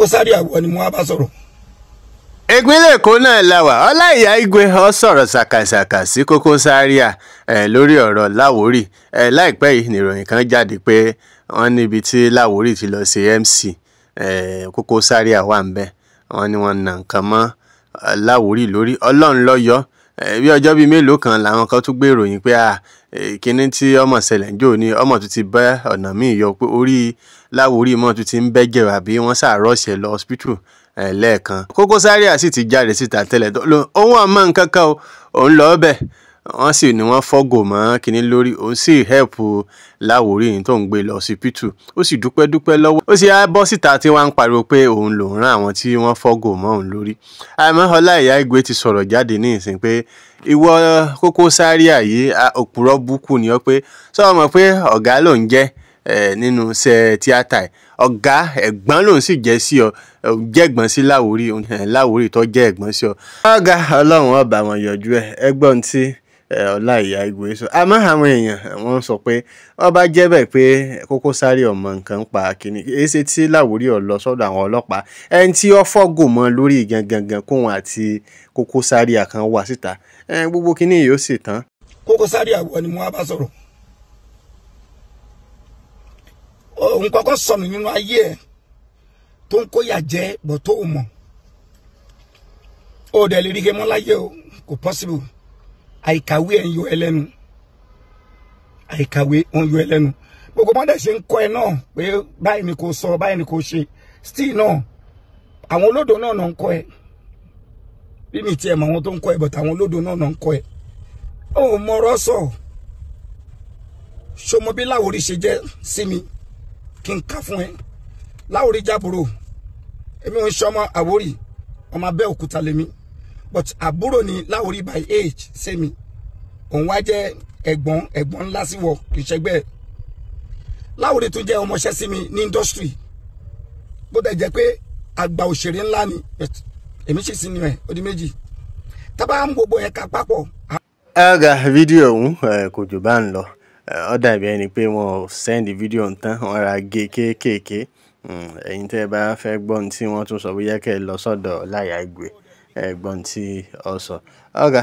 kó sáré àwọ̀ ni mo wá bá sọ̀rọ̀. ìpínlẹ̀ èkó náà làwà ọláìyá igwe ọ sọ̀rọ̀ ṣàkàṣàkà sí kókó sáríà lórí ọ̀rọ̀ láwórì láìpẹ́ yìí nìròyìn kan jáde pé wọ́n níbi tí láwórì ti lọ sí MC kókó sáríà wà ń bẹ̀ wọ́n ní wọ́n nà nǹkan mọ́ láwórì lórí ọlọ́run lọ́yọ́ bí ọjọ́ bíi mélòó kan làwọn kan tún gbèrò ìròyìn pé kíní tí ọmọ ṣẹlẹ̀ ń jò ní ọmọ tó ti bẹ́ ọ̀nà míì yọ pé orí láwòrí mọ́tò ti ń bẹ́jẹ̀ àbí wọ́n ṣàròṣe lọ hospital lẹ́ẹ̀kan Koko Zaria sì ti jáde síta tẹ́lẹ̀ tó lóun òun àmọ́ nǹkan kan o òun lọ bẹ́ẹ̀ wọ́n sì ní wọ́n fọ́gò mọ́ kínní lórí òun sì hẹ́ẹ̀pù láwòrí yìí tó ń gbé lọ ọsibítù ó sì dúpẹ́ dúpẹ́ lọ́wọ́ ó sì á bọ́ síta tí wọ́n á ń pariwo pé òun lòún rán àwọn tí wọ́n fọ́gò mọ́ òun lórí àmọ́ Ọláìyá Igwe ti sọ̀rọ̀ jáde ní ìsìn pé ìwọ Koko Zaria yìí òpùrọ̀ búkú ni ọ pé sọ ma pé ọ̀gá ló jẹ́ nínú iṣẹ́ tíátà ẹ̀ ọ̀gá ẹ̀gbọ́n lòun sì jẹ́ sí ọ jẹ́gbọ́n sí láwórí láwórí tó jẹ́ ẹ̀gbọ́n sí ọ. ọ̀gá ọlọ́run ọba wọn yọjú ẹ ẹgbọ́n tí ọlá ìyá ìgbò yìí sọ àmọ́ àwọn èèyàn wọ́n sọ pé ọba jẹ́ bẹ́ẹ̀ pé kókó sáré ọmọ nǹkan pa kínní èsì tí láwórí ọ lọ sọ́dọ̀ àwọn ọlọ́pàá ẹni tí ó fọ́gò mọ́ lórí gangan kóun àti kókó sáré àkàn wá síta gbogbo kínní yìí ó sì tán. kókó sáré àwọ̀ ni mo wá bá sọ̀rọ̀ òun kọ́kọ́ sọnù nínú ayé ẹ̀ tó ń kóyà jẹ bọ̀ tó o mọ̀ o dẹ̀ lè rí gemọ́ láyé o kò pọ́sibù àìkàwé ẹ̀ ń yọ ẹlẹ́nu àìkàwé ń yọ ẹlẹ́nu gbogbo mọ́dẹ̀ ṣe ń kọ́ ẹ náà pé báyìí ni kò sọ báyìí ni kò ṣe still náà àwọn olódò náà náà ń kọ́ ẹ bí mi tiẹ̀ mọ àwọn tó ń kọ́ ẹ bọ̀tà àwọn olódò náà náà ń kọ́ ẹ ó mọ̀rọ̀ sọ ṣọmọbí láwòrí ṣe jẹ́ sí mi kí n kà fún ẹ láwòrán jábòrò èmi ò ń ṣe àwórì ọmọ Abẹ́òkúta lèmi but àbúrò ni láwòrán by age ṣé òun wá jẹ́ ẹ̀gbọ́n ẹ̀gbọ́n ńlá sí wọ kì í tún jẹ́ ọmọọṣẹ́ sí mi ní industry bó dẹ̀ jẹ́ pé àgbà òṣèré ńlá ni èmi sì sí ni ẹ̀ ó di méjì tábà ń gbogbo ẹ̀ ká ẹ ga fídíò ọ̀hún kò jù bá ń lọ. ọ dàbí ẹni pé wọn ò sẹ́ndì fídíò tán wọn ra gé kéékèèké hmm, ẹ̀yin tẹ́ ẹ bá fẹ́ gbọ́ ohun tí wọ́n tún sọ bóyá kẹ́ ẹ lọ sọ́dọ̀ láyà ìgbé ẹ gbọ́ ohun tí ọ sọ. ọ̀gá.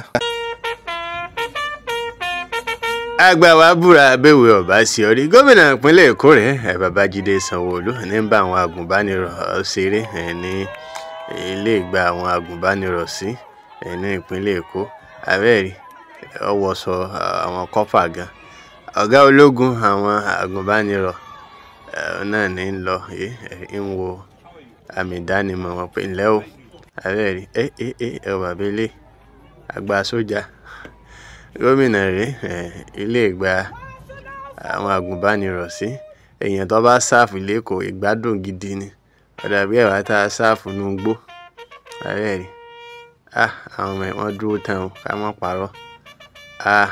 àgbà wa búra abéwé ọba sí ọrí gómìnà ìpínlẹ̀ èkó rẹ̀ babájídé sanwóolu ní bá àwọn agùnbánirọ̀ ṣeré ní ilé ìgbà àwọn agùnbánirọ̀ sí ní ìpínlẹ̀ èkó abẹ́rẹ́ ọwọ́ sọ àwọn kọ́fà gan ọ̀gá ológun àwọn agùnbánirọ̀ náà ní ń lọ ń wo àmì ìdánimọ̀ wọn pé ńlẹ́ o ààrẹ rí ẹ ẹ ẹ ẹ bàbá ilé àgbà sójà gómìnà rèé ilé ìgbà àwọn agùnbánirọ̀ sí èèyàn tó bá sáàfù lẹ́kọ̀ọ́ ìgbádùn gidi ni ọ̀dà bí ẹ̀wà tá a sáàfù nù gbó ààrẹ rí ah àwọn ọmọ ẹ̀ wọ́n dúró tán o ká má parọ́ ah.